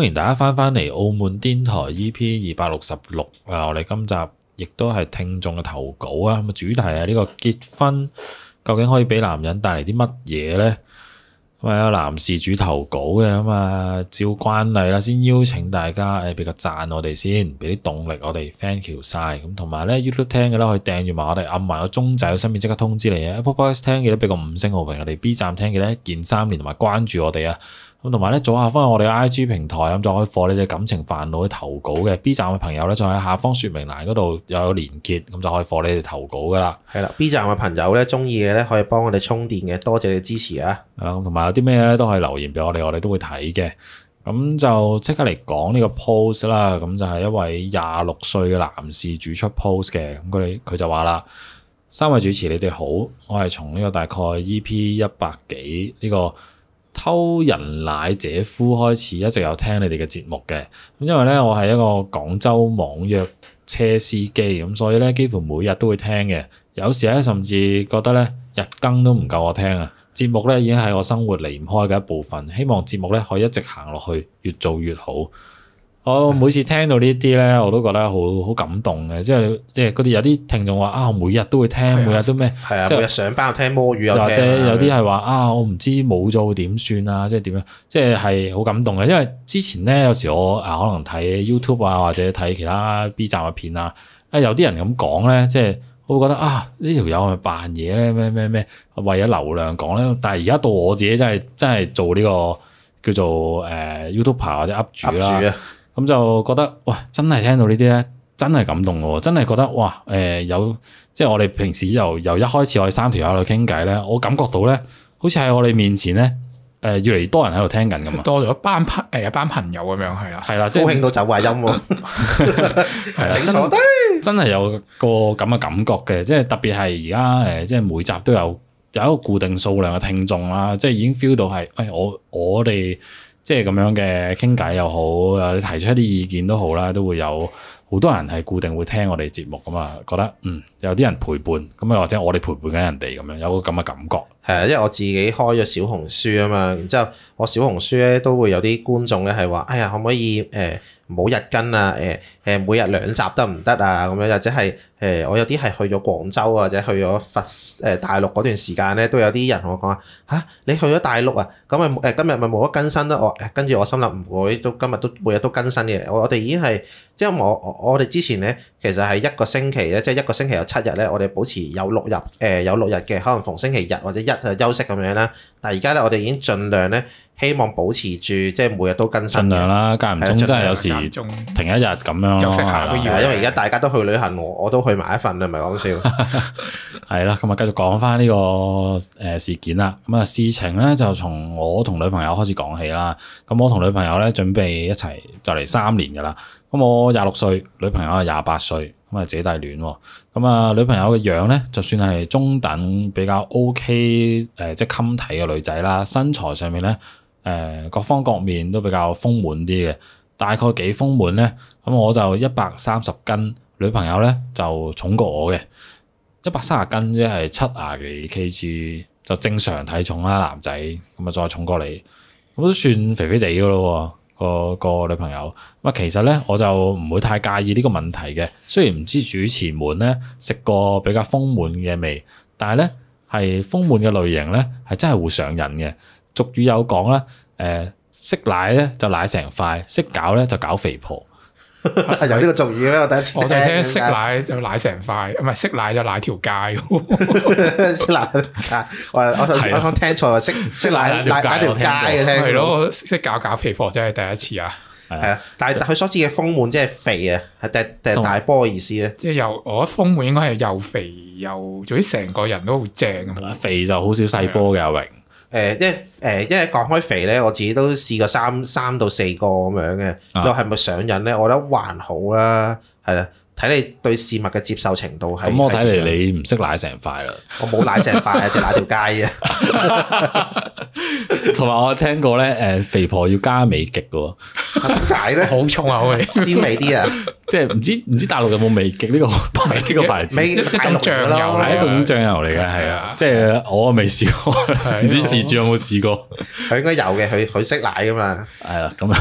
歡迎大家翻翻嚟澳門電台 EP 二百六十六啊！我哋今集亦都係聽眾嘅投稿啊！咁啊，主題係呢個結婚究竟可以俾男人帶嚟啲乜嘢呢？哎咁啊，有男士主投稿嘅，咁啊，照慣例啦，先邀請大家誒，俾、哎、個讚我哋先，俾啲動力我哋，thank you 晒咁，同埋、啊、呢 YouTube 聽嘅咧，可以訂閱埋我哋，暗埋個鐘仔，佢身邊即刻通知你啊！Apple Podcast 聽嘅都俾個五星好評，我哋 B 站聽嘅呢，健三連同埋關注我哋啊！咁同埋咧，左下方有我哋嘅 I G 平台，咁就可以放你哋感情煩惱去投稿嘅。B 站嘅朋友咧，就喺下方説明欄嗰度有連結，咁就可以放你哋投稿噶啦。係啦，B 站嘅朋友咧，中意嘅咧可以幫我哋充電嘅，多謝你支持啊！咁同埋有啲咩咧都可以留言俾我哋，我哋都會睇嘅。咁就即刻嚟講呢個 post 啦。咁就係一位廿六歲嘅男士主出 post 嘅。咁佢佢就話啦：三位主持，你哋好，我係從呢個大概 E P 一百幾呢個。偷人奶姐夫開始一直有聽你哋嘅節目嘅，因為咧我係一個廣州網約車司機，咁所以咧幾乎每日都會聽嘅，有時咧甚至覺得咧日更都唔夠我聽啊！節目咧已經係我生活離唔開嘅一部分，希望節目咧可以一直行落去，越做越好。我每次聽到呢啲咧，我都覺得好好感動嘅。即係即係嗰啲有啲聽眾話啊，每日都會聽，每日都咩？係啊的，即係每日上班又聽魔語又聽，或者有啲係話啊，我唔知冇咗會點算啊？即係點樣？即係係好感動嘅，因為之前咧有時我誒可能睇 YouTube 啊，或者睇其他 B 站嘅片啊，啊有啲人咁講咧，即係會覺得啊、這個、呢條友係咪扮嘢咧，咩咩咩為咗流量講咧。但係而家到我自己真係真係做呢、這個叫做誒、呃、YouTuber 或者 Up 主啦。咁就覺得，哇！真係聽到呢啲咧，真係感動我，真係覺得，哇！誒，有即係我哋平時由由一開始我哋三條友喺度傾偈咧，我感覺到咧，好似喺我哋面前咧，誒越嚟越多人喺度聽緊咁啊，多咗一班朋誒一班朋友咁樣係啦，係啦，高興到走下音喎，請坐低，真係有個咁嘅感覺嘅，即係特別係而家誒，即係每集都有有一個固定數量嘅聽眾啦，即係已經 feel 到係，誒我我哋。即係咁樣嘅傾偈又好，你提出一啲意見都好啦，都會有。好多人係固定會聽我哋節目㗎嘛，覺得嗯有啲人陪伴咁啊，或者我哋陪伴緊人哋咁樣，有個咁嘅感覺。係啊，因為我自己開咗小紅書啊嘛，然之後我小紅書咧都會有啲觀眾咧係話，哎呀，可唔可以唔好、欸、日更啊？誒、欸、誒、欸，每日兩集得唔得啊？咁樣又或者係誒、欸，我有啲係去咗廣州或者去咗佛誒大陸嗰段時間咧，都有啲人同我講話嚇、啊，你去咗大陸啊？咁啊誒，今日咪冇得更新啦？我跟住我心諗唔會，都今日都每日都更新嘅。我我哋已經係即係我我。我我哋之前咧，其實係一個星期咧，即係一個星期有七日咧，我哋保持有六日，誒有六日嘅，可能逢星期日或者一誒休息咁樣啦。但係而家咧，我哋已經盡量咧，希望保持住即係每日都更新。盡量啦，間唔中真係有時停一日咁樣休息下咯。因為而家大家都去旅行，我我都去埋一份，唔係講笑。係啦，咁啊繼續講返呢個誒事件啦。咁啊事情咧就從我同女朋友開始講起啦。咁我同女朋友咧準備一齊就嚟三年㗎啦。咁我廿六歲，女朋友係廿八歲，咁啊姐弟戀喎。咁啊女朋友嘅樣咧，就算係中等，比較 O K，誒即係襟睇嘅女仔啦。身材上面咧，誒、呃、各方各面都比較豐滿啲嘅。大概幾豐滿咧？咁我就一百三十斤，女朋友咧就重過我嘅一百三十斤，即係七廿幾 K G，就正常體重啦，男仔咁啊再重過你，咁都算肥肥地噶咯。個個女朋友，咁其實咧，我就唔會太介意呢個問題嘅。雖然唔知主持們咧食過比較豐滿嘅嘢未，但係咧，係豐滿嘅類型咧係真係會上癮嘅。俗語有講啦，誒、呃、識奶咧就奶成塊，識搞咧就搞肥婆。係有呢個俗語咩？我第一次聽，我聽識奶就奶成塊，唔係識奶就奶條街。識奶我我、啊啊、我聽錯，識識奶奶條街嘅聽係過咯，識搞搞皮貨真係第一次啊！係啊，但係佢所指嘅豐滿，即係肥啊，係大大波嘅意思咧。即係、嗯就是、又，我覺得豐滿應該係又肥又，總之成個人都好正咁啦、嗯。肥就好少細波嘅阿榮。誒，即係誒，因為講開肥咧，我自己都試過三三到四個咁樣嘅，都係咪上癮咧？我覺得還好啦，係啦。睇你對事物嘅接受程度係。咁我睇嚟你唔識奶成塊啦。我冇奶成塊啊，只奶條街啫。同埋我聽過咧，誒肥婆要加美極嘅喎。點解咧？好重口味，鮮味啲啊。即係唔知唔知大陸有冇美極呢個呢個牌子？一種醬油嚟，一種醬油嚟嘅係啊。即係我未試過，唔知事主有冇試過？佢應該有嘅，佢佢識奶嘅嘛。係啦，咁啊，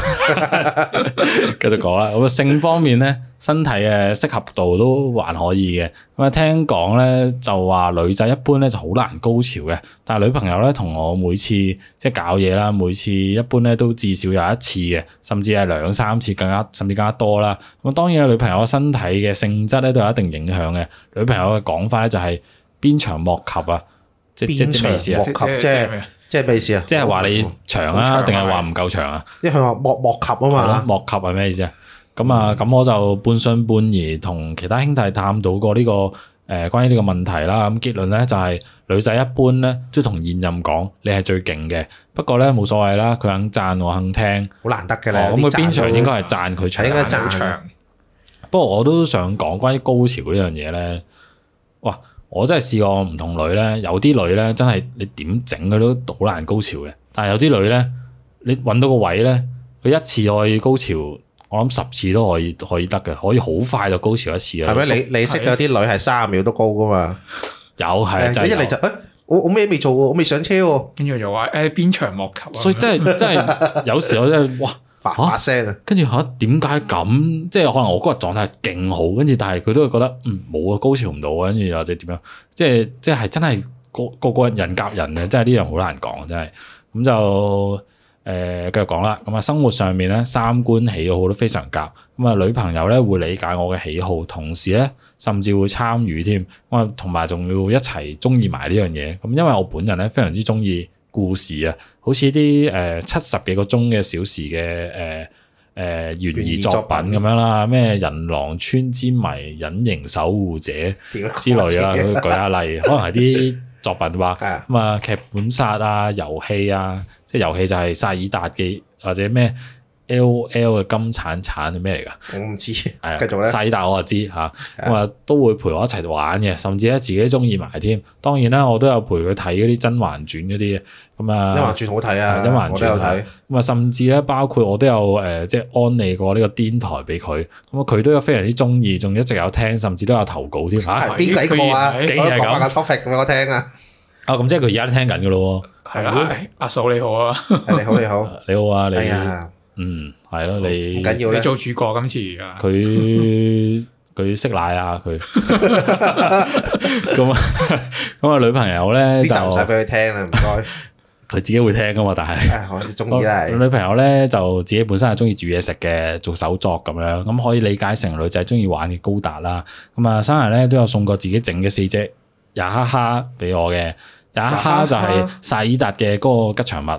繼續講啦。咁性方面咧。身體嘅適合度都還可以嘅，咁啊聽講咧就話女仔一般咧就好難高潮嘅，但係女朋友咧同我每次即係搞嘢啦，每次一般咧都至少有一次嘅，甚至係兩三次更加，甚至更加多啦。咁當然啦，女朋友身體嘅性質咧都有一定影響嘅。女朋友嘅講法咧就係鞭長莫及啊，即係即係咩意思啊，即係即係咩意思啊？即係話你長啊，定係話唔夠長啊？因為佢話莫莫及啊嘛，莫及係咩意思啊？咁啊，咁、嗯、我就半信半疑，同其他兄弟探討過呢、這個誒、呃，關於呢個問題啦。咁結論咧就係女仔一般咧，都同現任講你係最勁嘅。不過咧冇所謂啦，佢肯讚我肯聽，好難得嘅咧。咁佢邊場應該係讚佢唱，係應該讚唱。不過我都想講關於高潮呢樣嘢咧，哇！我真係試過唔同女咧，有啲女咧真係你點整佢都好難高潮嘅。但係有啲女咧，你揾到個位咧，佢一次可以高潮。我諗十次都可以可以，可以得嘅，可以好快就高潮一次啊！係咪嗎、哦、你你識咗啲女係三十秒都高噶嘛？ 有係、啊啊、一嚟就誒、哎，我我咩未做喎？我未上車、啊，跟住又話誒鞭長莫及。呃啊、所以真係真係有時候真係哇，發發聲啊！聲跟住吓，點解咁？即係可能我嗰日狀態勁好，跟住但係佢都會覺得嗯冇啊，高潮唔到啊，跟住又或者點樣？即係即係係真係個個個人夾人嘅，即係呢樣好難講，真係咁就。誒，繼續講啦。咁啊，生活上面咧，三觀喜好都非常夾。咁啊，女朋友咧會理解我嘅喜好，同時咧甚至會參與添。咁啊，同埋仲要一齊中意埋呢樣嘢。咁因為我本人咧非常之中意故事啊，好似啲誒七十幾個鐘嘅小時嘅誒誒懸疑作品咁樣啦，咩人狼村之謎、隱形守護者之類啊。佢舉下例，可能係啲。作品話咁啊，劇本殺啊，遊戲啊，即係遊戲就係薩爾達嘅或者咩？L.O.L 嘅金鏟鏟係咩嚟噶？我唔知。係啊，繼續咧。細大我就知嚇，咁啊都會陪我一齊玩嘅，甚至咧自己中意埋添。當然啦，我都有陪佢睇嗰啲《甄嬛傳》嗰啲，咁啊，《甄嬛傳》好睇啊，《甄嬛傳》我都睇。咁啊，甚至咧包括我都有誒，即係安利過呢個電台俾佢，咁啊佢都有非常之中意，仲一直有聽，甚至都有投稿添。邊幾個啊？幾廿個 topic 俾我聽啊？啊，咁即係佢而家都聽緊嘅咯喎。係啊，阿嫂你好啊，你好你好，你好啊你。嗯，係咯，你你做主角今次而家，佢佢識奶啊佢，咁啊咁啊女朋友咧就唔使俾佢聽啦，唔該。佢自己會聽噶嘛，但係，我中意、嗯、女朋友咧就自己本身係中意煮嘢食嘅，做手作咁樣，咁、嗯嗯、可以理解成女仔中意玩嘅高達啦。咁、嗯、啊、嗯、生日咧都有送過自己整嘅四隻呀哈哈俾我嘅，呀哈哈就係薩爾達嘅嗰個吉祥物。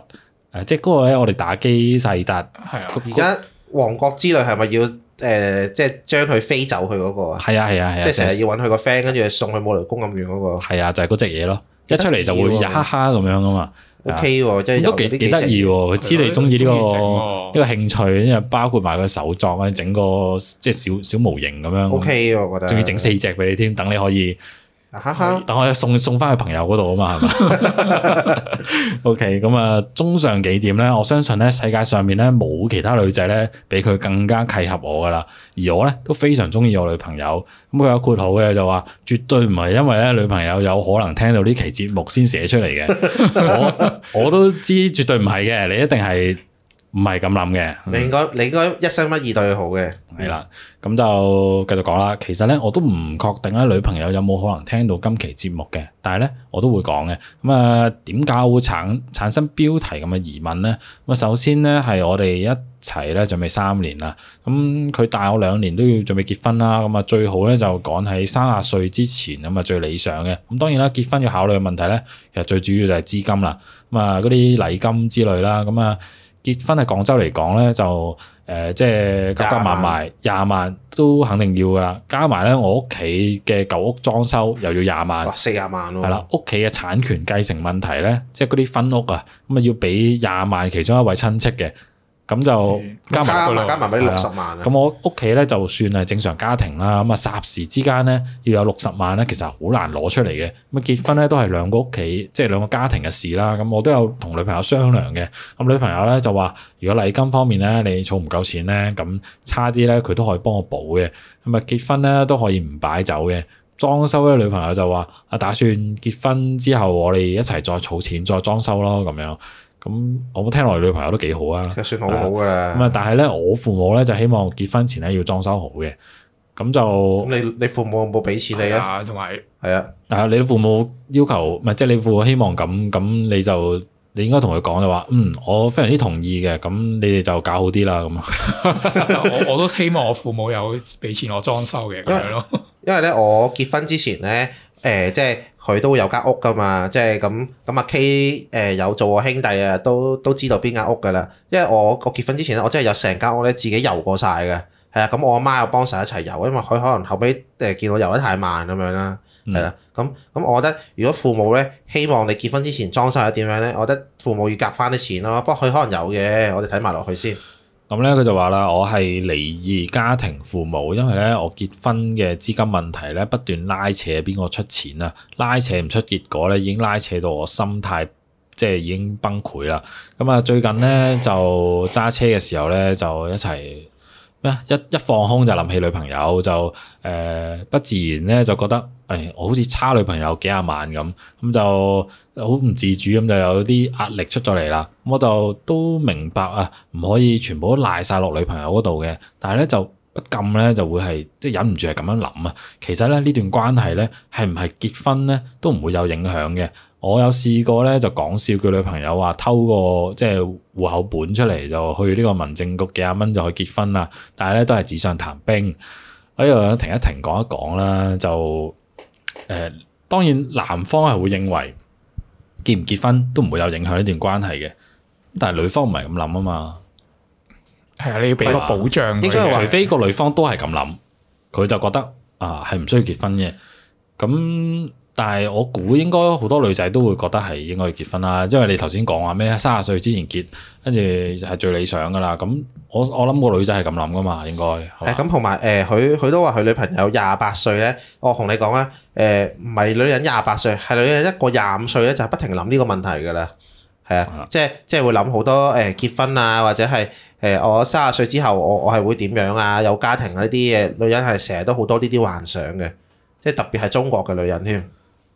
誒，即係嗰個咧，我哋打機薩爾達係啊。而家、那個、王國之淚係咪要誒、呃，即係將佢飛走去嗰、那個啊？係啊，係啊，係啊，即係成日要搵佢個 friend，跟住送去莫雷宮咁遠嗰個。係啊，就係嗰隻嘢咯，一出嚟就會呀哈哈咁樣噶嘛。O K，啊啊、即係都幾幾得意喎。知你中意呢個呢、啊、個興趣，因為包括埋個手作，啊，整個即係小小，小模型咁樣。O K，啊、我覺得。仲要整四隻俾你添，等你可以。等我送送翻去朋友嗰度啊嘛，係嘛？O K，咁啊，綜上幾點咧，我相信咧，世界上面咧冇其他女仔咧，比佢更加契合我噶啦。而我咧都非常中意我女朋友。咁佢有括號嘅就話，絕對唔係因為咧女朋友有可能聽到呢期節目先寫出嚟嘅。 我我都知絕對唔係嘅，你一定係唔係咁諗嘅？你應該你應該一心一意對佢好嘅。係啦，咁就繼續講啦。其實咧，我都唔確定咧，女朋友有冇可能聽到今期節目嘅？但係咧，我都會講嘅。咁啊，點解會產產生標題咁嘅疑問咧？咁啊，首先咧係我哋一齊咧準備三年啦。咁佢大我兩年都要準備結婚啦。咁啊，最好咧就趕喺三十歲之前，咁啊，最理想嘅。咁當然啦，結婚要考慮嘅問題咧，其實最主要就係資金啦。咁啊，嗰啲禮金之類啦，咁啊。結婚喺廣州嚟講咧，就誒、呃、即係加加埋埋廿萬都肯定要噶啦，加埋咧我屋企嘅舊屋裝修又要廿萬，哦、四廿萬咯，哦，係啦，屋企嘅產權繼承問題咧，即係嗰啲分屋啊，咁啊要俾廿萬其中一位親戚嘅。咁就加埋，加埋俾六十萬。咁我屋企咧，就算係正常家庭啦，咁啊霎時之間咧，要有六十萬咧，其實好難攞出嚟嘅。咁結婚咧，都係兩個屋企，即係兩個家庭嘅事啦。咁我都有同女朋友商量嘅。咁女朋友咧就話，如果禮金方面咧，你儲唔夠錢咧，咁差啲咧，佢都可以幫我補嘅。咁啊結婚咧都可以唔擺酒嘅。裝修咧，女朋友就話，啊打算結婚之後，我哋一齊再儲錢再裝修咯，咁樣。咁我聽落嚟，女朋友都幾好啊，就算好好嘅。咁啊，但係咧，我父母咧就希望結婚前咧要裝修好嘅。咁就你你父母有冇俾錢給你啊？同埋係啊，的但係你父母要求，唔係即係你父母希望咁，咁你就你應該同佢講就話，嗯，我非常之同意嘅。咁你哋就搞好啲啦。咁 我我都希望我父母有俾錢我裝修嘅咁樣咯。因為咧， 我結婚之前咧，誒、呃，即係。佢都會有間屋㗎嘛，即係咁咁啊 K 誒有做我兄弟啊，都都知道邊間屋㗎啦。因為我我結婚之前咧，我真係有成間屋咧自己遊過晒嘅。係啊，咁我阿媽又幫手一齊遊，因為佢可能後尾誒見我遊得太慢咁樣啦。係啦，咁咁、嗯嗯、我覺得如果父母咧希望你結婚之前裝修係點樣咧，我覺得父母要夾翻啲錢咯。不過佢可能有嘅，我哋睇埋落去先。咁咧佢就話啦，我係離異家庭父母，因為咧我結婚嘅資金問題咧不斷拉扯，邊個出錢啊？拉扯唔出結果咧，已經拉扯到我心態即係已經崩潰啦。咁、嗯、啊，最近咧就揸車嘅時候咧就一齊。咩？一一放空就諗起女朋友，就誒、呃、不自然咧，就覺得誒、哎、我好似差女朋友幾廿萬咁，咁就好唔自主咁就有啲壓力出咗嚟啦。我就都明白啊，唔可以全部都賴曬落女朋友嗰度嘅，但係咧就不禁咧就會係即係忍唔住係咁樣諗啊。其實咧呢段關係咧係唔係結婚咧都唔會有影響嘅。我有試過咧，就講笑佢女朋友話偷個即係戶口本出嚟就去呢個民政局幾廿蚊就去結婚啦，但係咧都係紙上談兵。喺度停一停講一講啦，就誒、呃、當然男方係會認為結唔結婚都唔會有影響呢段關係嘅，但係女方唔係咁諗啊嘛。係啊，你要俾個保障、啊，啊、應該係話，除非個女方都係咁諗，佢就覺得啊係唔需要結婚嘅咁。但係我估應該好多女仔都會覺得係應該要結婚啦，因為你頭先講話咩三十歲之前結，跟住係最理想噶啦。咁我我諗個女仔係咁諗噶嘛，應該。誒咁同埋誒，佢佢都話佢女朋友廿八歲咧。我同你講啊，誒唔係女人廿八歲，係女人一過廿五歲咧，就不停諗呢個問題噶啦。係啊，即係即係會諗好多誒結婚啊，或者係誒我三十歲之後，我我係會點樣啊？有家庭啊呢啲嘢，女人係成日都好多呢啲幻想嘅，即係特別係中國嘅女人添。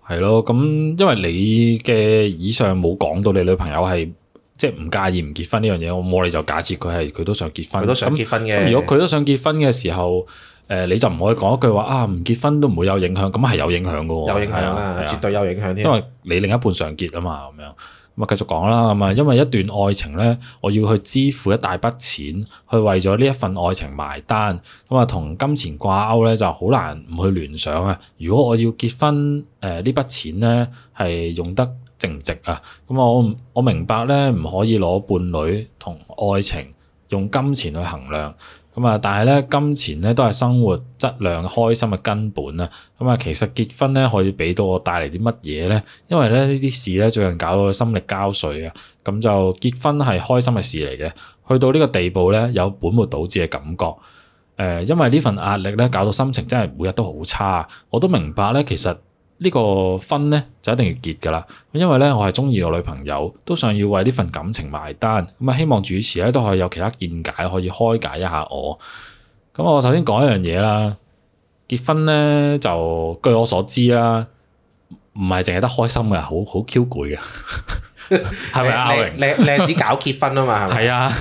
係咯，咁因為你嘅以上冇講到你女朋友係即係唔介意唔結婚呢樣嘢，我我哋就假設佢係佢都想結婚。佢都想結婚嘅。如果佢都想結婚嘅時候，誒你就唔可以講一句話啊，唔結婚都唔會有影響，咁係有影響嘅喎。有影響啊，的絕對有影響添。的因為你另一半想結啊嘛，咁樣。咁啊，繼續講啦，咁啊，因為一段愛情咧，我要去支付一大筆錢去為咗呢一份愛情埋單，咁啊，同金錢掛鈎咧就好難唔去聯想啊。如果我要結婚，誒、呃、呢筆錢咧係用得值唔值啊？咁我我明白咧，唔可以攞伴侶同愛情用金錢去衡量。咁啊，但係咧，金錢咧都係生活質量、開心嘅根本啊！咁啊，其實結婚咧可以俾到我帶嚟啲乜嘢咧？因為咧呢啲事咧最近搞到心力交瘁啊！咁就結婚係開心嘅事嚟嘅，去到呢個地步咧，有本末倒置嘅感覺。誒、呃，因為呢份壓力咧，搞到心情真係每日都好差。我都明白咧，其實。呢個婚咧就一定要結噶啦，因為咧我係中意我女朋友，都想要為呢份感情埋單。咁啊，希望主持咧都可以有其他見解，可以開解一下我。咁我首先講一樣嘢啦，結婚咧就據我所知啦，唔係淨係得開心嘅，好好 Q 攰嘅，係咪啊你？你你係搞結婚啊嘛，係咪？係啊。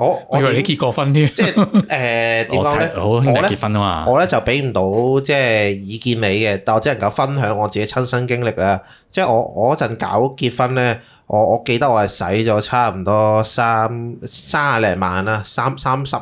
我，我以為你結過婚添，即係誒點講咧？我咧，我咧就俾唔到即係意見你嘅，但我只能夠分享我自己親身經歷啊！即係我我嗰陣搞結婚咧，我我記得我係使咗差唔多三三廿零萬啦，三十三,三十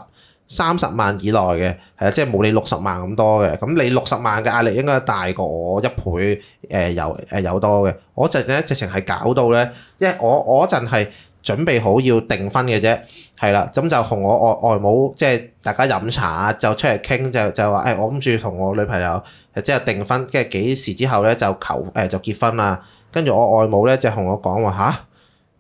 三十萬以內嘅，係啊，即係冇你六十萬咁多嘅。咁你六十萬嘅壓力應該大過我一倍誒有誒有多嘅。我嗰陣咧直情係搞到咧，因為我我嗰陣係。準備好要訂婚嘅啫，係啦，咁就同我外外母即係大家飲茶啊，就出嚟傾就就話，誒、哎、我諗住同我女朋友即係訂婚，跟住幾時之後咧就求誒、呃、就結婚啦。跟住我外母咧就同我講話吓，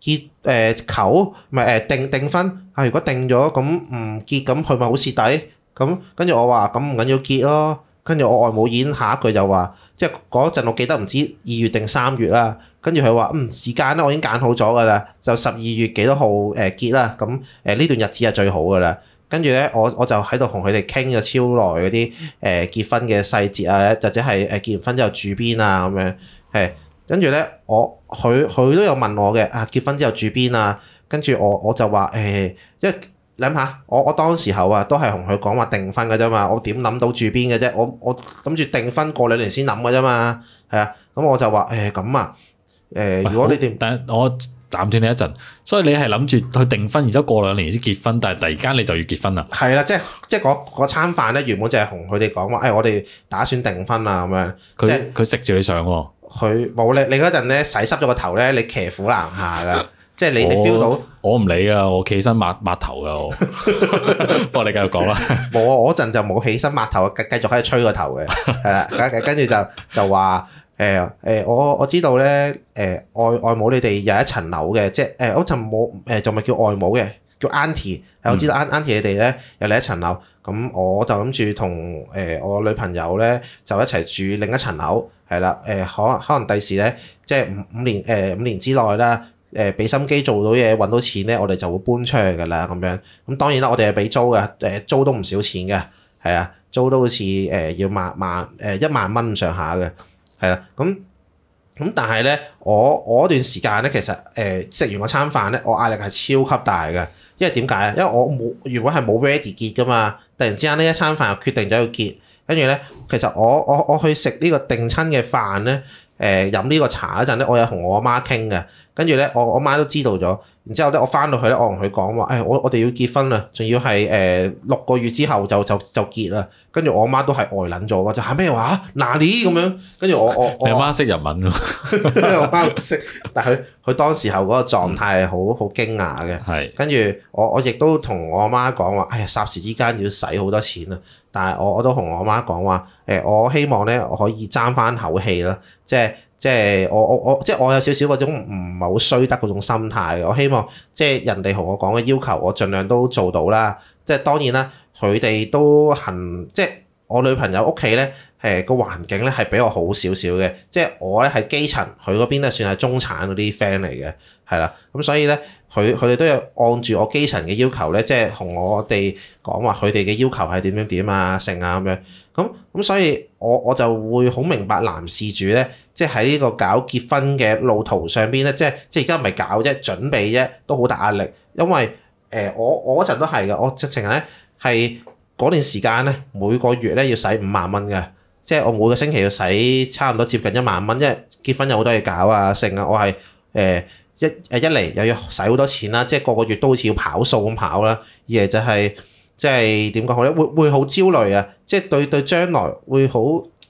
結誒、呃、求唔係誒訂訂婚啊，如果訂咗咁唔結咁佢咪好蝕底。咁跟住我話咁唔緊要結咯。跟住我外母演，下一句就話，即係嗰陣我記得唔知二月定三月啦。跟住佢話，嗯時間咧我已經揀好咗㗎啦，就十二月幾多號誒結啦。咁誒呢段日子係最好㗎啦。跟住咧我我就喺度同佢哋傾咗超耐嗰啲誒結婚嘅細節啊，或者係誒結完婚之後住邊啊咁樣。係跟住咧我佢佢都有問我嘅啊結婚之後住邊啊？跟住我我就話、哎、因為。你諗下，我我當時候啊，都係同佢講話定婚嘅啫嘛，我點諗到住邊嘅啫？我我諗住定婚過兩年先諗嘅啫嘛，係、哎、啊，咁我就話誒咁啊，誒喂如果你哋，但我暫停你一陣，所以你係諗住去定婚，然之後過兩年先結婚，但係突然間你就要結婚啦。係啦，即係即係嗰餐飯咧，原本就係同佢哋講話，誒、哎、我哋打算定婚啊咁樣，佢佢食住你上喎。佢冇咧，你嗰陣咧洗濕咗個頭咧，你騎虎難下噶。 即係你，你 feel 到我唔理啊！我企起身抹抹頭噶，我，不過你繼續講啦。我我嗰陣就冇起身抹頭，繼繼續喺度吹個頭嘅，係啦。跟跟住就就話，誒誒，我我知道咧，誒外外母你哋有一層樓嘅，即係誒，我就冇誒，就咪叫外母嘅，叫 aunty。我知道 aunty 你哋咧有另一層樓，咁我就諗住同誒我女朋友咧就一齊住另一層樓，係啦。誒可可能第時咧，即係五五年誒五年之內啦。誒俾心機做到嘢揾到錢呢，我哋就會搬出去噶啦咁樣。咁當然啦，我哋係俾租嘅，誒租都唔少錢嘅，係啊，租都好似誒要萬萬誒一萬蚊上下嘅，係啦。咁、嗯、咁但係呢，我我嗰段時間呢，其實誒食、呃、完個餐飯呢，我壓力係超級大嘅，因為點解啊？因為我冇原本係冇 ready 結噶嘛，突然之間呢一餐飯又決定咗要結，跟住呢，其實我我我去食呢個訂親嘅飯呢，誒飲呢個茶嗰陣咧，我有同我阿媽傾嘅。跟住咧，我我媽都知道咗，然之後咧、哎，我翻到去咧，我同佢講話，誒，我我哋要結婚啦，仲要係誒六個月之後就就就結啦。跟住我媽都係呆撚咗，就嚇咩話嗱，Nani 咁樣。跟、啊、住、啊、我我我你媽識日文喎，我媽識， 但係佢佢當時候嗰個狀態係好好驚訝嘅。係。嗯、跟住我我亦都同我媽講話，誒、哎，霎時之間要使好多錢啊！但係我我都同我媽講話，誒、哎，我希望咧我可以爭翻口氣啦，即係。即係我我我即係我有少少嗰種唔係好衰得嗰種心態嘅，我希望即係人哋同我講嘅要求，我盡量都做到啦。即係當然啦，佢哋都行，即係我女朋友屋企咧，誒個環境咧係比我好少少嘅。即係我咧係基層，佢嗰邊啊算係中產嗰啲 friend 嚟嘅，係啦。咁、嗯、所以咧，佢佢哋都有按住我基層嘅要求咧，即係同我哋講話，佢哋嘅要求係點樣點啊，成啊咁樣。咁、嗯、咁所以我，我我就會好明白男事主咧。即係喺呢個搞結婚嘅路途上邊咧，即係即係而家唔係搞啫，準備啫，都好大壓力。因為誒，我我嗰陣都係嘅，我直情咧係嗰段時間咧，每個月咧要使五萬蚊嘅，即係我每個星期要使差唔多接近一萬蚊，即係結婚有好多嘢搞啊，剩啊，我係誒一誒一嚟又要使好多錢啦，即係個個月都好似要跑數咁跑啦。二嚟就係即係點講好咧？會會好焦慮啊！即係對對將來會好。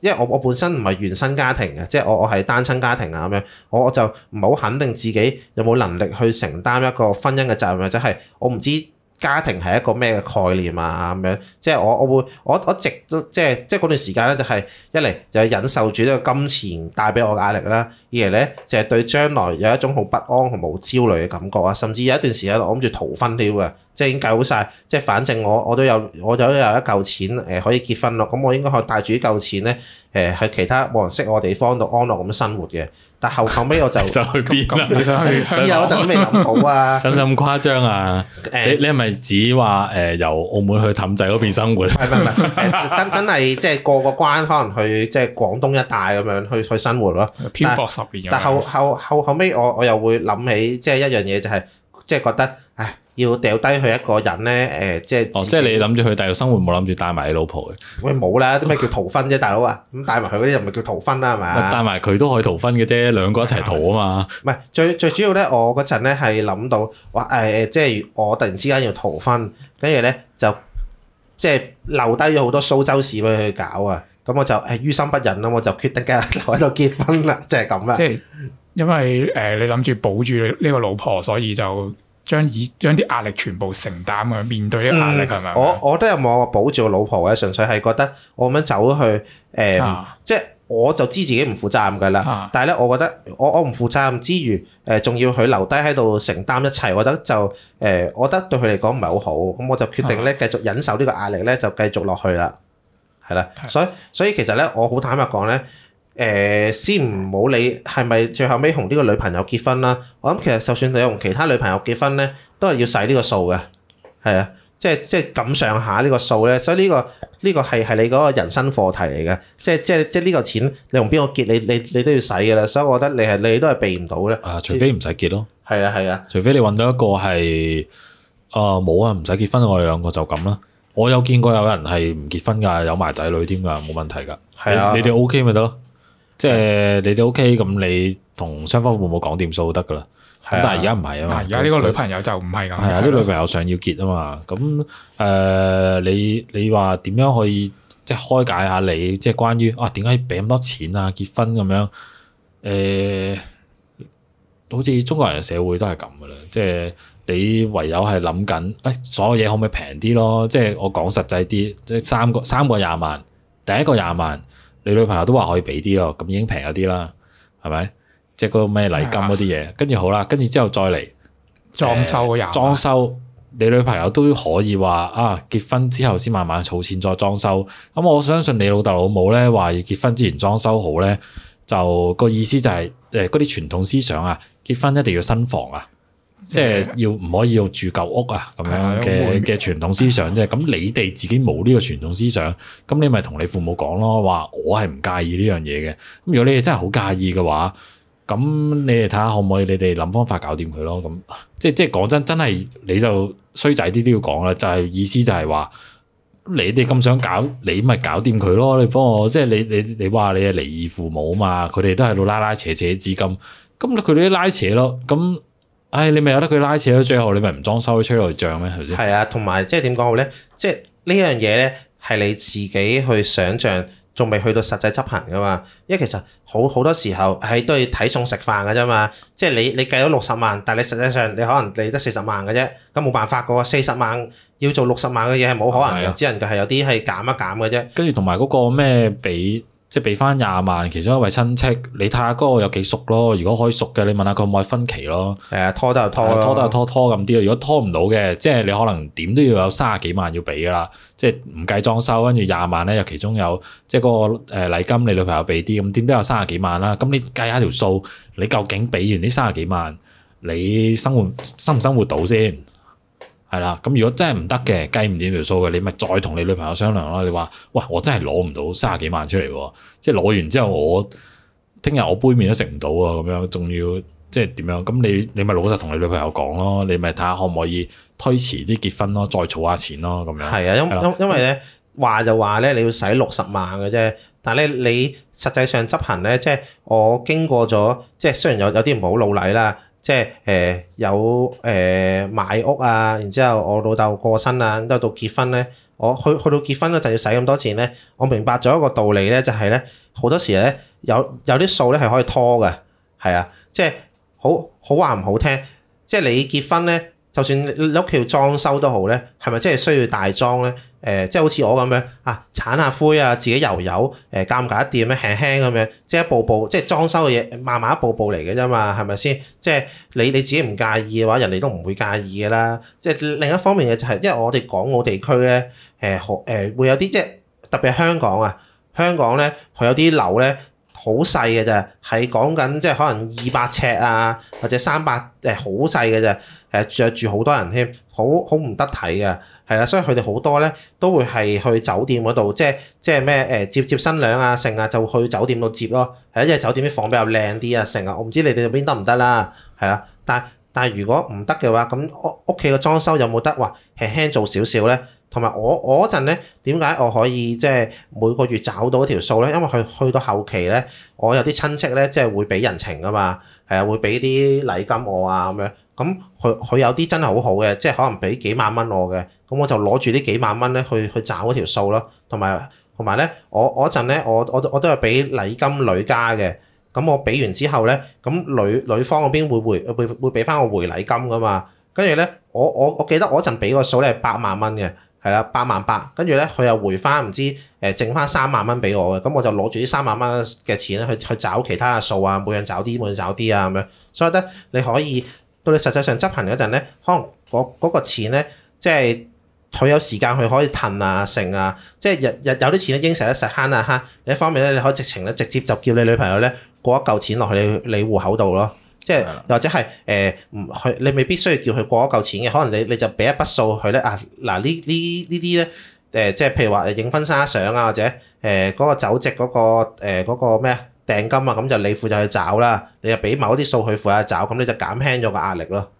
因為我本身唔係原生家庭嘅，即係我我係單親家庭啊咁樣，我我就唔好肯定自己有冇能力去承擔一個婚姻嘅責任，或者係我唔知。家庭係一個咩嘅概念啊？咁樣，即係我我會我我一直都即係即係嗰段時間咧，就係一嚟就忍受住呢個金錢帶俾我嘅壓力啦；二嚟咧就係對將來有一種好不安同無焦慮嘅感覺啊！甚至有一段時間我諗住逃婚添嘅，即係已經計好晒，即係反正我我都有我有有一嚿錢誒可以結婚咯，咁我應該可以帶住呢嚿錢咧誒喺其他冇人識我嘅地方度安樂咁生活嘅。但後後尾我就就 去邊啊？你 想去，嗰陣我都未諗到啊！使唔使咁誇張啊？誒、 欸，你係咪指話誒、呃、由澳門去氹仔嗰邊生活？唔係唔係真真係即係過個關，可能去即係廣東一帶咁樣去去生活咯。漂泊十年。但後後後後尾，我我又會諗起即係一樣嘢、就是，就係即係覺得。要掉低佢一個人咧，誒、呃，即係、哦、即係你諗住去大陸生活冇諗住帶埋你老婆嘅？喂，冇啦，啲咩叫逃婚啫，大佬啊！咁 帶埋佢嗰啲又唔係叫逃婚啦，係咪啊？帶埋佢都可以逃婚嘅啫，兩個一齊逃啊嘛！唔係最最主要咧，我嗰陣咧係諗到哇誒、呃，即係我突然之間要逃婚，跟住咧就即係留低咗好多蘇州屎俾佢去搞啊！咁我就誒、哎、於心不忍啦，我就決定嘅留喺度結婚啦，即係咁啦。即係因為誒、呃，你諗住保住呢個老婆，所以就，將以將啲壓力全部承擔去面對啲壓力係咪、嗯？我我都有望保住我老婆嘅，純粹係覺得我咁樣走去誒，呃啊、即係我就知自己唔負責任噶啦。啊、但係咧，我覺得我我唔負責任之餘，誒、呃，仲要佢留低喺度承擔一切，我覺得就誒、呃，我覺得對佢嚟講唔係好好。咁我就決定咧，啊、繼續忍受呢個壓力咧，就繼續落去啦。係啦，的所以所以其實咧，我好坦白講咧。誒先唔好理係咪最後尾同呢個女朋友結婚啦。我諗其實就算你同其他女朋友結婚咧，都係要使呢個數嘅。係啊，即係即係咁上下呢個數咧。所以呢個呢個係係你嗰個人生課題嚟嘅。即即即呢個錢你同邊個結你，你你你都要使嘅啦。所以我覺得你係你都係避唔到嘅。啊，除非唔使結咯。係啊，係啊。除非你揾到一個係啊冇啊，唔使結婚，我哋兩個就咁啦。我有見過有人係唔結婚㗎，有埋仔女添㗎，冇問題㗎。係啊的，你哋 O K 咪得咯。即係你都 OK，咁你同雙方父母講掂數得噶啦。咁但係而家唔係啊嘛。而家呢個女朋友就唔係㗎。係啊，呢女朋友想要結啊嘛。咁誒、呃，你你話點樣可以即係開解下你？即係關於啊，點解俾咁多錢啊？結婚咁樣誒，呃、好似中國人嘅社會都係咁㗎啦。即係你唯有係諗緊誒，所有嘢可唔可以平啲咯？即係我講實際啲，即係三個三個廿萬，第一個廿萬。你女朋友都話可以俾啲咯，咁已經平咗啲啦，係咪？即係嗰個咩禮金嗰啲嘢，跟住的好啦，跟住之後再嚟裝修嗰裝、呃、裝修，你女朋友都可以話啊，結婚之後先慢慢儲錢再裝修。咁我相信你老豆老母咧話要結婚之前裝修好咧，就個意思就係誒，嗰啲傳統思想啊，結婚一定要新房啊。即係要唔可以要住舊屋啊，咁樣嘅嘅、哎、傳統思想即啫。咁你哋自己冇呢個傳統思想，咁你咪同你父母講咯。話我係唔介意呢樣嘢嘅。咁如果你哋真係好介意嘅話，咁你哋睇下可唔可以你哋諗方法搞掂佢咯。咁即即係講真，真係你就衰仔啲都要講啦。就係、是、意思就係話你哋咁想搞，你咪搞掂佢咯。你幫我即係你你你話你係離異父母啊嘛，佢哋都喺度拉拉扯扯至今咁佢哋都拉扯咯，咁。哎，你咪有得佢拉扯到最後，你咪唔裝修都吹內仗咩？係咪先？係啊，同埋即係點講好咧？即係呢樣嘢咧，係你自己去想像，仲未去到實際執行噶嘛？因為其實好好多時候係都要睇餸食飯嘅啫嘛。即係你你計到六十萬，但係你實際上你可能你得四十萬嘅啫，咁冇辦法噶喎。四十萬要做六十萬嘅嘢係冇可能嘅，是的 只能夠係有啲係減一減嘅啫。跟住同埋嗰個咩俾？即係俾翻廿萬，其中一位親戚，你睇下嗰個有幾熟咯？如果可以熟嘅，你問下佢可唔可以分期咯？係啊，拖得就拖，拖得就拖，拖咁啲。如果拖唔到嘅，即係你可能點都要有三十幾萬要俾噶啦。即係唔計裝修，跟住廿萬咧，有其中有即係嗰個誒禮金，你女朋友俾啲咁，點都有三十幾萬啦。咁你計下條數，你究竟俾完呢三十幾萬，你生活生唔生活到先？係啦，咁如果真係唔得嘅，計唔掂條數嘅，你咪再同你女朋友商量咯。你話，哇，我真係攞唔到三十幾萬出嚟喎，即係攞完之後我，我聽日我杯麵都食唔到啊，咁樣仲要即係點樣？咁你你咪老實同你女朋友講咯，你咪睇下可唔可以推遲啲結婚咯，再儲下錢咯，咁樣。係啊，因因因為咧話就話咧你要使六十萬嘅啫，但係咧你實際上執行咧，即係我經過咗，即係雖然有有啲唔好老禮啦。即係誒有誒買屋啊，然之後我老豆過身啊，然之後到結婚咧，我去去到結婚咧就要使咁多錢咧，我明白咗一個道理咧，就係咧好多時咧有有啲數咧係可以拖嘅，係啊，即係好好話唔好聽，即係你結婚咧。就算你屋企要裝修都好咧，係咪真係需要大裝咧？誒、呃，即係好似我咁樣啊，鏟下灰啊，自己油油誒，間隔一啲咧輕輕咁樣，即係一步步即係裝修嘅嘢，慢慢一步步嚟嘅啫嘛，係咪先？即係你你自己唔介意嘅話，人哋都唔會介意嘅啦。即係另一方面嘅就係、是，因為我哋港澳地區咧，誒好誒會有啲即係特別香港啊，香港咧佢有啲樓咧。好細嘅咋，係講緊即係可能二百尺啊，或者三百誒，好細嘅啫，誒著住好多人添，好好唔得睇嘅，係啦，所以佢哋好多咧都會係去酒店嗰度，即係即係咩誒接接新娘啊，剩啊，就會去酒店度接咯，係因為酒店啲房比較靚啲啊，剩啊，我唔知你哋邊得唔得啦，係啦，但但係如果唔得嘅話，咁屋屋企嘅裝修有冇得話輕輕做少少咧？同埋我我嗰陣咧，點解我可以即係每個月找到嗰條數咧？因為佢去，去到後期咧，我有啲親戚咧，即係會俾人情噶嘛，係啊，會俾啲禮金我啊咁樣。咁佢佢有啲真係好好嘅，即係可能俾幾萬蚊我嘅。咁我就攞住呢幾萬蚊咧去去找嗰條數咯。同埋同埋咧，我我嗰陣咧，我呢我我，我都係俾禮金女家嘅。咁我俾完之後咧，咁女女方嗰邊會回會會俾翻我回禮金噶嘛。跟住咧，我我我記得我嗰陣俾個數咧係八萬蚊嘅。係啦，八萬八，跟住咧，佢又回翻唔知誒、呃，剩翻三萬蚊俾我嘅，咁我就攞住啲三萬蚊嘅錢咧去去，去找其他嘅數啊，每樣找啲，每樣找啲啊咁樣。所以咧，你可以到你實際上執行嗰陣咧，可能嗰嗰個錢咧，即係佢有時間佢可以騰啊剩啊，即係日日有啲錢咧應食一食慳啊慳。另一方面咧，你可以直情咧直接就叫你女朋友咧過一嚿錢落去你，你戶口度咯。即係或者係誒唔去你未必需要叫佢過一嚿錢嘅，可能你你就俾一筆數佢咧啊！嗱呢呢呢啲咧誒，即係譬如話影婚紗相啊，或者誒嗰個酒席嗰個誒嗰個咩訂金啊，咁就你負責去找啦，你又俾某啲數去負責找，咁你就減輕咗個壓力咯。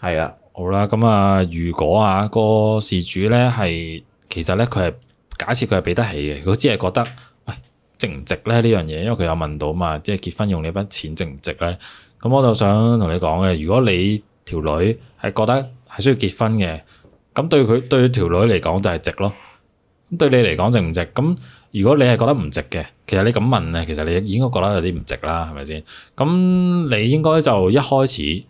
係啊，好啦，咁啊，如果啊個事主咧係其實咧佢係假設佢係俾得起嘅，佢只係覺得喂值唔值咧呢樣嘢，因為佢有問到嘛，即係結婚用呢筆錢值唔值咧？咁我就想同你講嘅，如果你條女係覺得係需要結婚嘅，咁對佢對條女嚟講就係值咯。咁對你嚟講值唔值？咁如果你係覺得唔值嘅，其實你咁問咧，其實你應該覺得有啲唔值啦，係咪先？咁你應該就一開始，誒、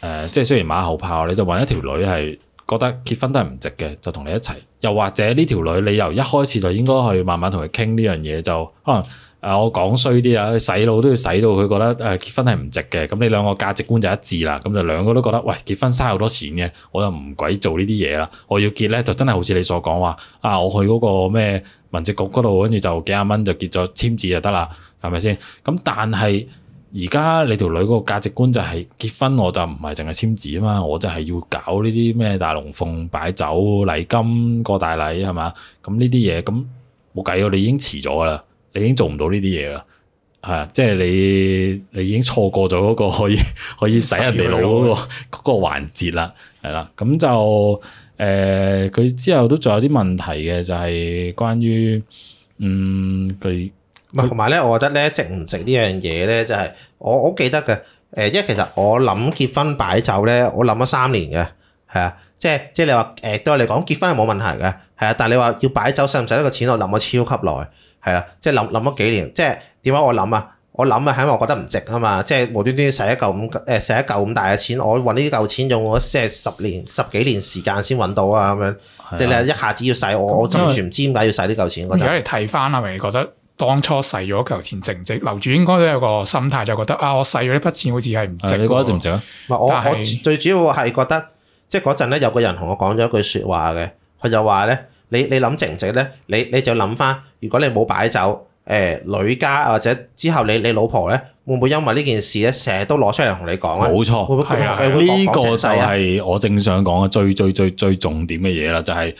呃，即係雖然馬後炮，你就揾一條女係覺得結婚都係唔值嘅，就同你一齊。又或者呢條女你由一開始就應該去慢慢同佢傾呢樣嘢，就可能。啊！我講衰啲啊，洗腦都要洗到佢覺得誒、啊、結婚係唔值嘅，咁你兩個價值觀就一致啦，咁就兩個都覺得喂，結婚嘥好多錢嘅，我又唔鬼做呢啲嘢啦。我要結咧就真係好似你所講話啊，我去嗰個咩民政局嗰度，跟住就幾廿蚊就結咗簽字就得啦，係咪先？咁但係而家你條女嗰個價值觀就係結婚我就唔係淨係簽字啊嘛，我就係要搞呢啲咩大龍鳳擺酒、禮金過大禮係嘛？咁呢啲嘢咁冇計啊！你已經遲咗啦。你已經做唔到呢啲嘢啦，係啊，即係你你已經錯過咗嗰個可以可以使人哋腦嗰個嗰個環節啦，係啦，咁就誒佢之後都仲有啲問題嘅，就係關於嗯佢同埋咧，我覺得咧，值唔值呢樣嘢咧，就係我我記得嘅誒，因為其實我諗結婚擺酒咧，我諗咗三年嘅，係啊，即係即係你話誒對我嚟講結婚係冇問題嘅，係啊，但係你話要擺酒使唔使呢個錢，我諗咗超級耐。係啦，即係諗諗咗幾年，即係點解我諗啊？我諗啊，係因為我覺得唔值啊嘛。即係無端端使一嚿咁誒，使、欸、一嚿咁大嘅錢，我搵呢嚿錢用咗成十年、十幾年時間先搵到啊，咁樣你你的一下子要使，我為我完全唔知點解要使呢嚿錢。而家你睇翻明咪覺得當初使咗嚿錢值唔值？樓主應該都有個心態，就覺得啊，我使咗呢筆錢好似係唔值。你覺得值唔值啊？是我我最主要我係覺得，即係嗰陣咧有個人同我講咗一句話說話嘅，佢就話咧。你你諗值唔值咧？你靜靜你就諗翻，如果你冇擺酒，誒、呃、女家或者之後你你老婆咧，會唔會因為呢件事咧，成日都攞出嚟同你講咧？冇錯，係啊的，呢個就係我正想講嘅最最最最重點嘅嘢啦，就係、是、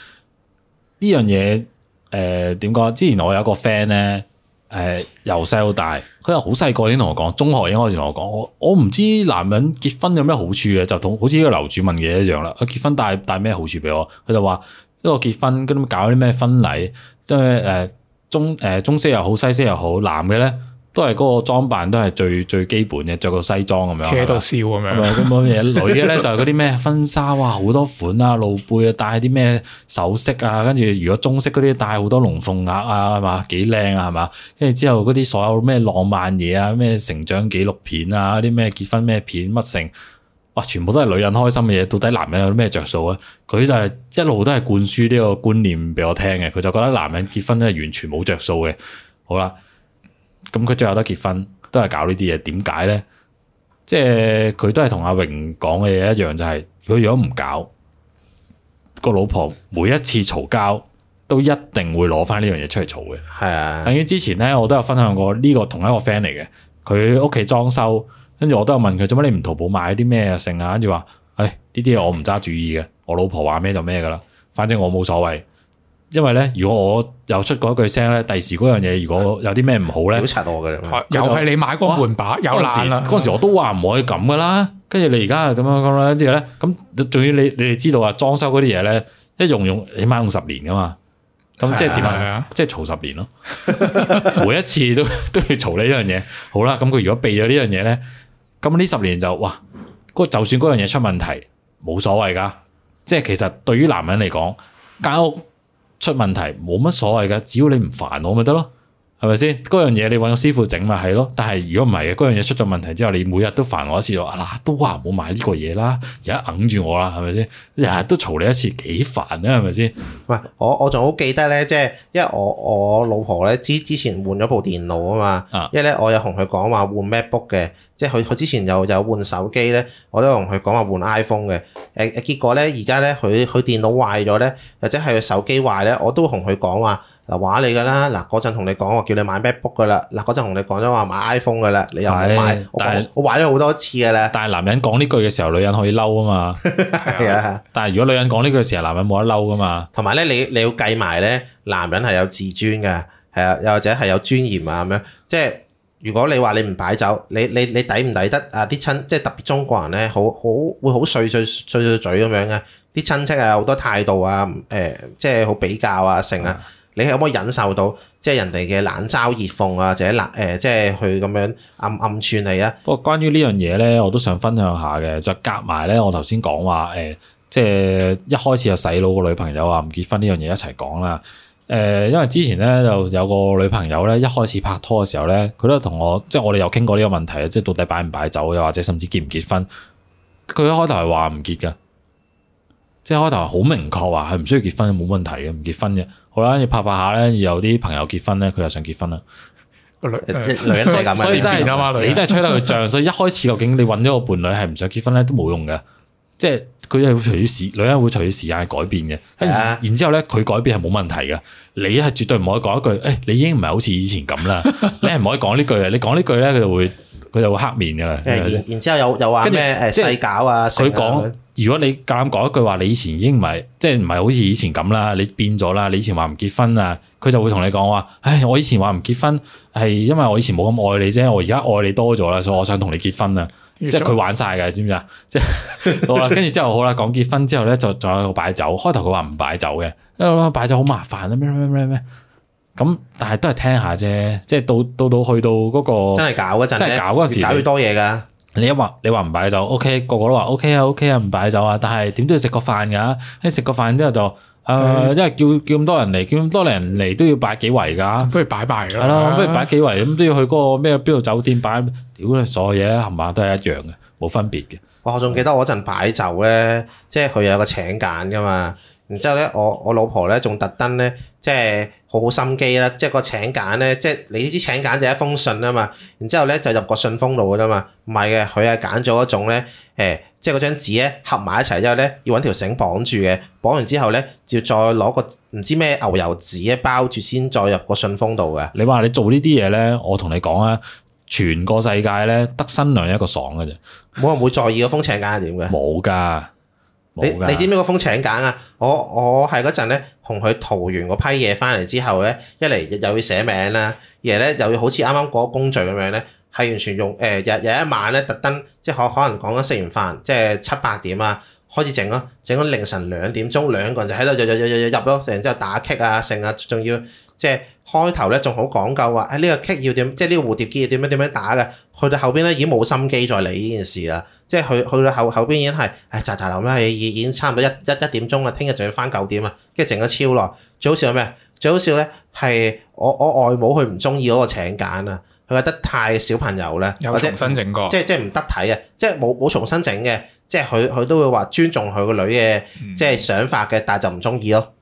呢樣嘢。誒，點講？之前我有一個 friend 咧，誒由細到大，佢又好細個已經同我講，中學已經開始同我講，我我唔知男人結婚有咩好處嘅，就同好似呢個樓主問嘅一樣啦。結婚帶帶咩好處俾我？佢就話。都個結婚，跟住搞啲咩婚禮，因為誒中誒、呃、中式又好西式又好，男嘅咧都係嗰個裝扮都係最最基本嘅，着個西裝咁樣，企喺度笑咁樣，咁樣咁樣嘢。女嘅咧就係嗰啲咩婚紗，啊，好、 就是、多款啊，露背啊，戴啲咩首飾啊，跟住如果中式嗰啲戴好多龍鳳額啊，係嘛幾靚啊，係嘛。跟住之後嗰啲所有咩浪漫嘢啊，咩成長紀錄片啊，啲咩結婚咩片乜成。哇！全部都係女人開心嘅嘢，到底男人有咩着數啊？佢就係一路都係灌輸呢個觀念俾我聽嘅，佢就覺得男人結婚咧係完全冇着數嘅。好啦，咁佢最後都結婚都係搞呢啲嘢，點解呢？即係佢都係同阿榮講嘅嘢一樣，就係、是、佢如果唔搞個老婆，每一次嘈交都一定會攞翻呢樣嘢出嚟嘈嘅。係啊的，等於之前呢，我都有分享過呢個同一個 friend 嚟嘅，佢屋企裝修。跟住我都有問佢做乜你唔淘寶買啲咩剩啊？跟住話：唉呢啲嘢我唔揸主意嘅，我老婆話咩就咩噶啦，反正我冇所謂。因為咧，如果我又出過一句聲咧，第時嗰樣嘢如果有啲咩唔好咧，屌柒我嘅、啊、就又係你買嗰個換把有爛啦。嗰時我都話唔可以咁噶啦。跟住你而家係咁樣講啦，跟住咧咁，仲要你你哋知道裝啊？裝修嗰啲嘢咧，一用用起碼用十年噶嘛。咁即係點啊？即係嘈十年咯。每一次都都要嘈呢樣嘢。好啦，咁佢如果避咗呢樣嘢咧。咁呢十年就哇，嗰就算嗰樣嘢出問題，冇所謂噶。即係其實對於男人嚟講，間屋出問題冇乜所謂噶，只要你唔煩我咪得咯。係咪先？嗰樣嘢，你揾個師傅整咪係咯。但係如果唔係，嗰樣嘢出咗問題之後，你每日都煩我一次，嗱、啊、都話唔好買呢個嘢啦，而家揞住我啦，係咪先？日、啊、日都嘈你一次，幾煩啊？係咪先？喂，我我仲好記得咧，即係因為我我老婆咧之之前換咗部電腦啊嘛，因為咧我有同佢講話換 MacBook 嘅，即係佢佢之前有有換手機咧，我都同佢講話換 iPhone 嘅。誒誒，結果咧而家咧佢佢電腦壞咗咧，或者係佢手機壞咧，我都同佢講話。嗱話你㗎啦，嗱嗰陣同你講我叫你買 MacBook 㗎啦，嗱嗰陣同你講咗話買 iPhone 㗎啦，你又唔買，我話咗好多次㗎啦。但係男人講呢句嘅時候，女人可以嬲啊嘛。係啊，但係如果女人講呢句嘅時候，男人冇得嬲噶嘛。同埋咧，你你要計埋咧，男人係有自尊嘅，係啊，又或者係有尊嚴啊咁樣。即係如果你話你唔擺酒，你你你抵唔抵得啊啲親？即係特別中國人咧，好好會好碎碎碎碎嘴咁樣嘅。啲親戚啊好多態度啊，誒即係好比較啊成啊。你係可唔可以忍受到即係人哋嘅冷嘲熱諷啊？或者冷誒，即係去咁樣暗暗串你啊？不過關於呢樣嘢咧，我都想分享下嘅，就夾埋咧。我頭先講話誒，即係一開始有細佬個女朋友話唔結婚呢樣嘢一齊講啦。誒、呃，因為之前咧就有個女朋友咧，一開始拍拖嘅時候咧，佢都同我即係我哋有傾過呢個問題，即係到底擺唔擺酒，又或者甚至結唔結婚。佢一開頭係話唔結㗎，即係開頭好明確話係唔需要結婚，冇問題嘅，唔結婚嘅。好啦，要拍拍下咧，有啲朋友結婚咧，佢又想結婚啦。女女人咁嘅，所以真係你、呃呃、真係吹得佢脹。 所以一開始究竟你揾咗個伴侶係唔想結婚咧，都冇用嘅。即係佢係會隨住時，女人會隨住時間改變嘅。跟住，然之後咧，佢改變係冇問題嘅。你係絕對唔可以講一句，誒、哎，你已經唔係好似以前咁啦。 你係唔可以講呢句啊！你講呢句咧，佢就會佢就會黑面噶啦。 然之後又又話咩誒細搞啊？佢、就是、講。如果你敢講一句話，你以前已經唔係，即係唔係好似以前咁啦，你變咗啦。你以前話唔結婚啊，佢就會同你講話，唉，我以前話唔結婚係因為我以前冇咁愛你啫，我而家愛你多咗啦，所以我想同你結婚啊。即係佢玩晒㗎，知唔知啊？即係好啦，跟住之後好啦，講結婚之後咧，就仲有個擺酒。開頭佢話唔擺酒嘅，因為我擺酒好麻煩啊，咩咩咩咩咩。咁但係都係聽下啫，即係到到到去到嗰個真係搞嗰陣，真係搞嗰時搞多嘢噶。你一話你話唔擺酒，OK，個個都話 OK 啊 OK 啊，唔擺酒啊。但係點都要食個飯㗎，跟住食個飯之後就誒，呃、的因為叫叫咁多人嚟，叫咁多人嚟都要擺幾圍㗎、啊，不如擺埋咯、啊。係啦，不如擺幾圍咁都要去嗰個咩邊度酒店擺，屌所有嘢啦，冚唪唥都係一樣嘅，冇分別嘅、哦。我仲記得我嗰陣擺酒咧，即係佢有個請柬㗎嘛。然之後咧，我我老婆咧仲特登咧即係。冇好心機啦，即係個請柬咧，即係你呢啲請柬就一封信啊嘛，然之後咧就入個信封度嘅啫嘛，唔係嘅，佢係揀咗一種咧，誒、哎，即係嗰張紙咧合埋一齊之後咧，要揾條繩綁住嘅，綁完之後咧就要再攞個唔知咩牛油紙咧包住先再入個信封度嘅。你話你做呢啲嘢咧，我同你講啊，全個世界咧得新娘一個爽嘅啫，冇 人會在意嗰封請柬係點嘅，冇㗎。你你知唔知個風請柬啊？我我係嗰陣咧，同佢塗完嗰批嘢翻嚟之後咧，一嚟又要寫名啦，二嚟咧又要好似啱啱嗰工序咁樣咧，係完全用誒日日一晚咧，特登即係可可能講緊食完飯，即係七八點啊，開始整咯，整到凌晨兩點鐘，兩個人就喺度入入入入入咯，成日之後打劇啊，成啊，仲要。即係開頭咧仲好講究話，喺、哎、呢、這個 c k 要點，即係呢個蝴蝶結要點樣點樣打嘅。去到後邊咧已經冇心機再理呢件事啦。即係去佢到後後邊已經係誒喳喳鬧咩，已已經差唔多一一一點鐘啦。聽日仲要翻九點啊，跟住整咗超耐。最好笑係咩？最好笑咧係我我外母佢唔中意嗰個請柬啊，佢覺得太小朋友咧，或者重新整過，即係即係唔得睇啊，即係冇冇重新整嘅。即係佢佢都會話尊重佢個女嘅即係想法嘅，但係就唔中意咯。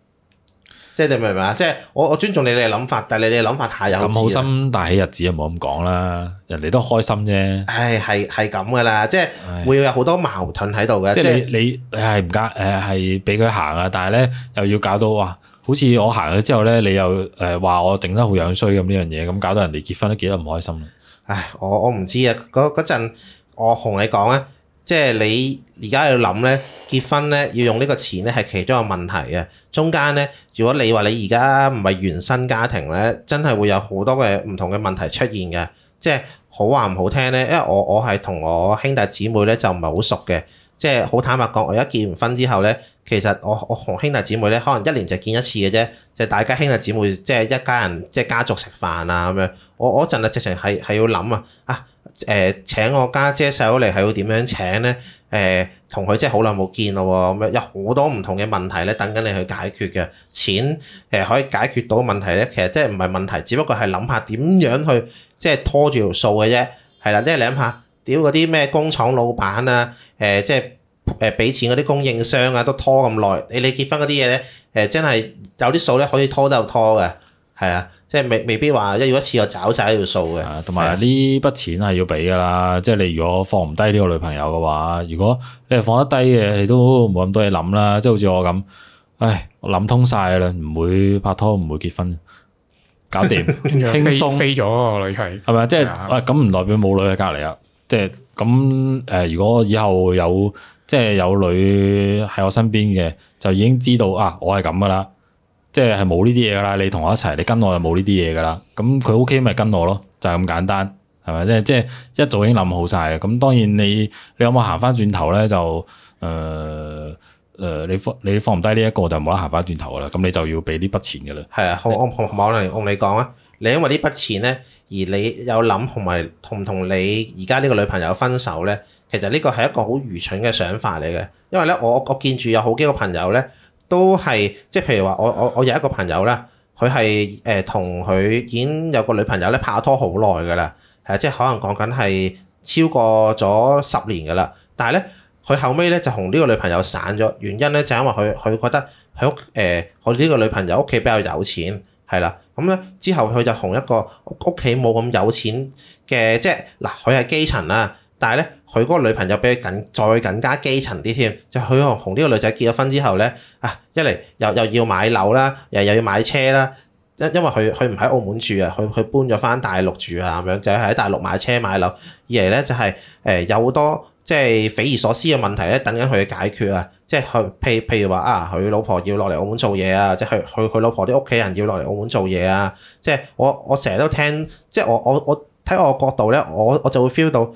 即係你明唔明啊？即係我我尊重你哋嘅諗法，但係你哋嘅諗法太有咁好心大喜日子就，就冇咁講啦。人哋都開心啫。唉，係係咁噶啦，即係唉會有好多矛盾喺度嘅。即係你你係唔夾誒，係俾佢行啊！但係咧又要搞到哇，好似我行咗之後咧，你又誒話我整得好樣衰咁呢樣嘢，咁搞到人哋結婚都結得唔開心。唉，我我唔知啊。嗰嗰陣我同你講啊。即係你而家要諗咧，結婚咧要用呢個錢咧係其中一個問題啊！中間咧，如果你話你而家唔係原生家庭咧，真係會有好多嘅唔同嘅問題出現嘅。即係好話唔好聽咧，因為我我係同我兄弟姊妹咧就唔係好熟嘅。即係好坦白講，我而家結完婚之後咧，其實我我同兄弟姊妹咧可能一年就見一次嘅啫。就係、大家兄弟姊妹即係、就係、一家人即係、就係、家族食飯啊咁樣。我我陣啊直情係係要諗啊啊！誒、呃、請我家姐細佬嚟係會點樣請咧？誒、呃、同佢即係好耐冇見咯，咁樣有好多唔同嘅問題咧，等緊你去解決嘅錢誒可以解決到問題咧，其實即係唔係問題，只不過係諗下點樣去即係拖住條數嘅啫。係啦，即係你諗下，屌嗰啲咩工廠老闆啊，誒、呃、即係誒俾錢嗰啲供應商啊，都拖咁耐。你你結婚嗰啲嘢咧，誒真係有啲數咧可以拖就拖嘅，係啊。即係未未必話一要一次就找晒呢條數嘅。同埋呢筆錢係要俾噶啦。是的 即係你如果放唔低呢個女朋友嘅話，如果你係放得低嘅，你都冇咁多嘢諗啦。即係好似我咁，唉，我諗通晒啦，唔會拍拖，唔會結婚，搞掂，輕鬆 鬆 飛咗個女係，係咪即係是的 啊，咁唔代表冇女喺隔籬啊。即係咁誒，如果以後有即係有女喺我身邊嘅，就已經知道啊，我係咁噶啦。即係冇呢啲嘢㗎啦，你同我一齊，你跟我就冇呢啲嘢㗎啦。咁佢 O K 咪跟我咯，就係、是、咁簡單，係咪啫？即係一早已經諗好晒。咁當然你你有冇行翻轉頭咧？就誒誒、呃呃，你放你放唔低呢一個就冇得行翻轉頭㗎啦。咁你就要俾呢筆錢㗎啦。係啊，我我我我嚟你講啊，你因為呢筆錢咧，而你有諗同埋同唔同你而家呢個女朋友分手咧，其實呢個係一個好愚蠢嘅想法嚟嘅，因為咧我我見住有好幾個朋友咧。都係即係，譬如話我我我有一個朋友咧，佢係誒同佢已經有個女朋友咧，拍拖好耐嘅啦，係、呃、即係可能講緊係超過咗十年嘅啦。但係咧，佢後尾咧就同呢個女朋友散咗，原因咧就係、因為佢佢覺得喺誒佢呢個女朋友屋企比較有錢，係啦。咁、嗯、咧之後佢就同一個屋企冇咁有錢嘅，即係嗱，佢、呃、係基層啊。但係咧，佢嗰個女朋友比佢更，再更加基層啲添。就佢同呢個女仔結咗婚之後咧，啊，一嚟又又要買樓啦，又又要買車啦。因因為佢佢唔喺澳門住啊，佢佢搬咗翻大陸住啊咁樣，就係喺大陸買車買樓。二嚟咧就係誒有好多即係匪夷所思嘅問題咧，等緊佢去解決啊。即係佢，譬譬如話啊，佢老婆要落嚟澳門做嘢啊，即係佢佢佢老婆啲屋企人要落嚟澳門做嘢啊。即係我我成日都聽，即係我我我睇我角度咧，我我就會 feel 到。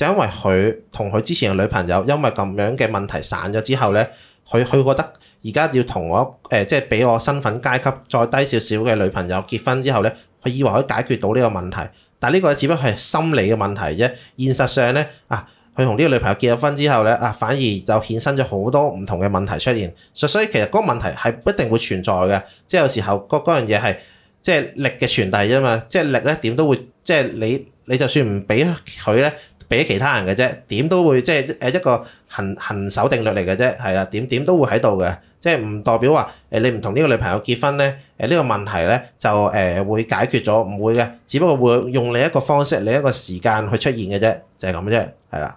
就因為佢同佢之前嘅女朋友，因為咁樣嘅問題散咗之後咧，佢佢覺得而家要同我誒、呃，即係比我身份階級再低少少嘅女朋友結婚之後咧，佢以為可以解決到呢個問題。但係呢個只不過係心理嘅問題啫。現實上咧啊，佢同呢個女朋友結咗婚之後咧啊，反而就衍生咗好多唔同嘅問題出現。所所以其實嗰個問題係一定會存在嘅，即係有時候嗰樣嘢係即係力嘅傳遞啫嘛。即係力咧點都會，即係你你就算唔俾佢咧。俾其他人嘅啫，點都會即係誒一個行恆守定律嚟嘅啫，係啊，點點都會喺度嘅，即係唔代表話誒你唔同呢個女朋友結婚咧，誒、這、呢個問題咧就誒會解決咗，唔會嘅，只不過會用另一個方式、另一個時間去出現嘅啫，就係咁啫，係啦，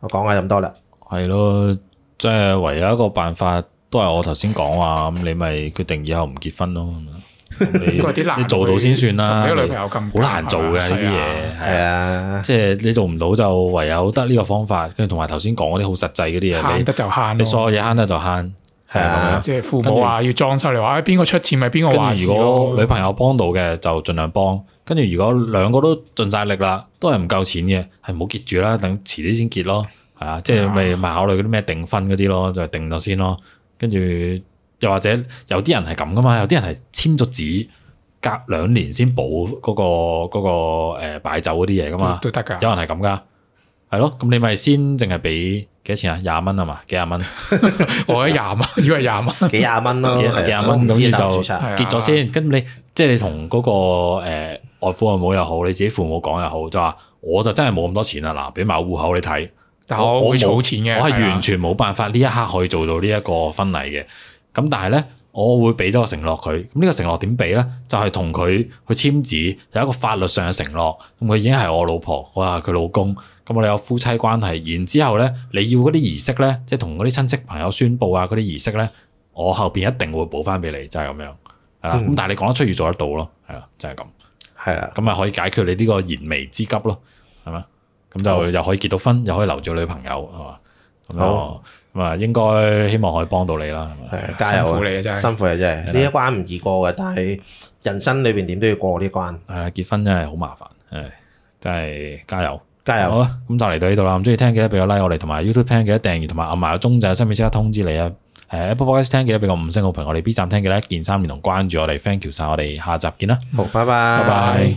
我講下咁多啦，係咯，即、就、係、是、唯一一個辦法都係我頭先講話，咁你咪決定以後唔結婚咯。你你做到先算啦，好難做嘅呢啲嘢，係啊，即係你做唔到就唯有得呢個方法，跟住同埋頭先講嗰啲好實際嗰啲嘢，慳得就慳，你所有嘢慳得就慳，係啊，即係父母話要裝修你話，邊個出錢咪邊個話。如果女朋友幫到嘅就盡量幫，跟住如果兩個都盡晒力啦，都係唔夠錢嘅，係唔好結住啦，等遲啲先結咯，係啊，即係咪咪考慮嗰啲咩訂婚嗰啲咯，就定咗先咯，跟住。又或者有啲人係咁噶嘛，有啲人係簽咗紙，隔兩年先補嗰、嗰個嗰、嗰個擺酒嗰啲嘢噶嘛，都得噶。有人係咁噶，係咯。咁你咪先淨係俾幾多錢啊？廿蚊 啊嘛， 幾廿蚊？我係廿蚊，以為廿蚊，幾廿蚊咯？幾廿蚊？咁而就結咗先。咁的你即係、即係、你同嗰個外父外母又好，你自己父母講又好，就話我就真係冇咁多錢啦。嗱，俾埋戶口你睇，但我儲錢嘅，我係完全冇辦法呢一刻可以做到呢一個婚禮嘅。咁但係咧，我會俾多個承諾佢。咁、這、呢個承諾點俾咧？就係同佢去簽字，有一個法律上嘅承諾。咁佢已經係我老婆，我係佢老公。咁我哋有夫妻關係。然之後咧，你要嗰啲儀式咧，即係同嗰啲親戚朋友宣佈啊，嗰啲儀式咧，我後邊一定會補翻俾你，就係、是、咁樣。係啦，咁、嗯、但係你講得出要做得到咯，係啦，就係、是、咁。係啊的，咁咪可以解決你呢個燃眉之急咯，係嘛嗎？咁就又可以結到婚，嗯、又可以留住女朋友，係嘛？哦。咁啊，應該希望可以幫到你啦，係嘛？加油！辛苦你真係，辛苦你真係。呢的一關唔易過嘅，但係人生裏邊點都要過呢一關。係啊，結婚真係好麻煩，係真係加油加油。加油好啦，咁就嚟到呢度啦。唔中意聽記得俾個 like 我哋，同埋 YouTube 聽記得訂閱，同埋按埋鐘仔，有新片即刻通知你啊。誒 Apple Podcasts 聽記得俾個五星好評，我哋 B 站聽記得一鍵三連同關注我哋、嗯，thank you 晒！我哋下集見啦。好，拜拜，拜拜。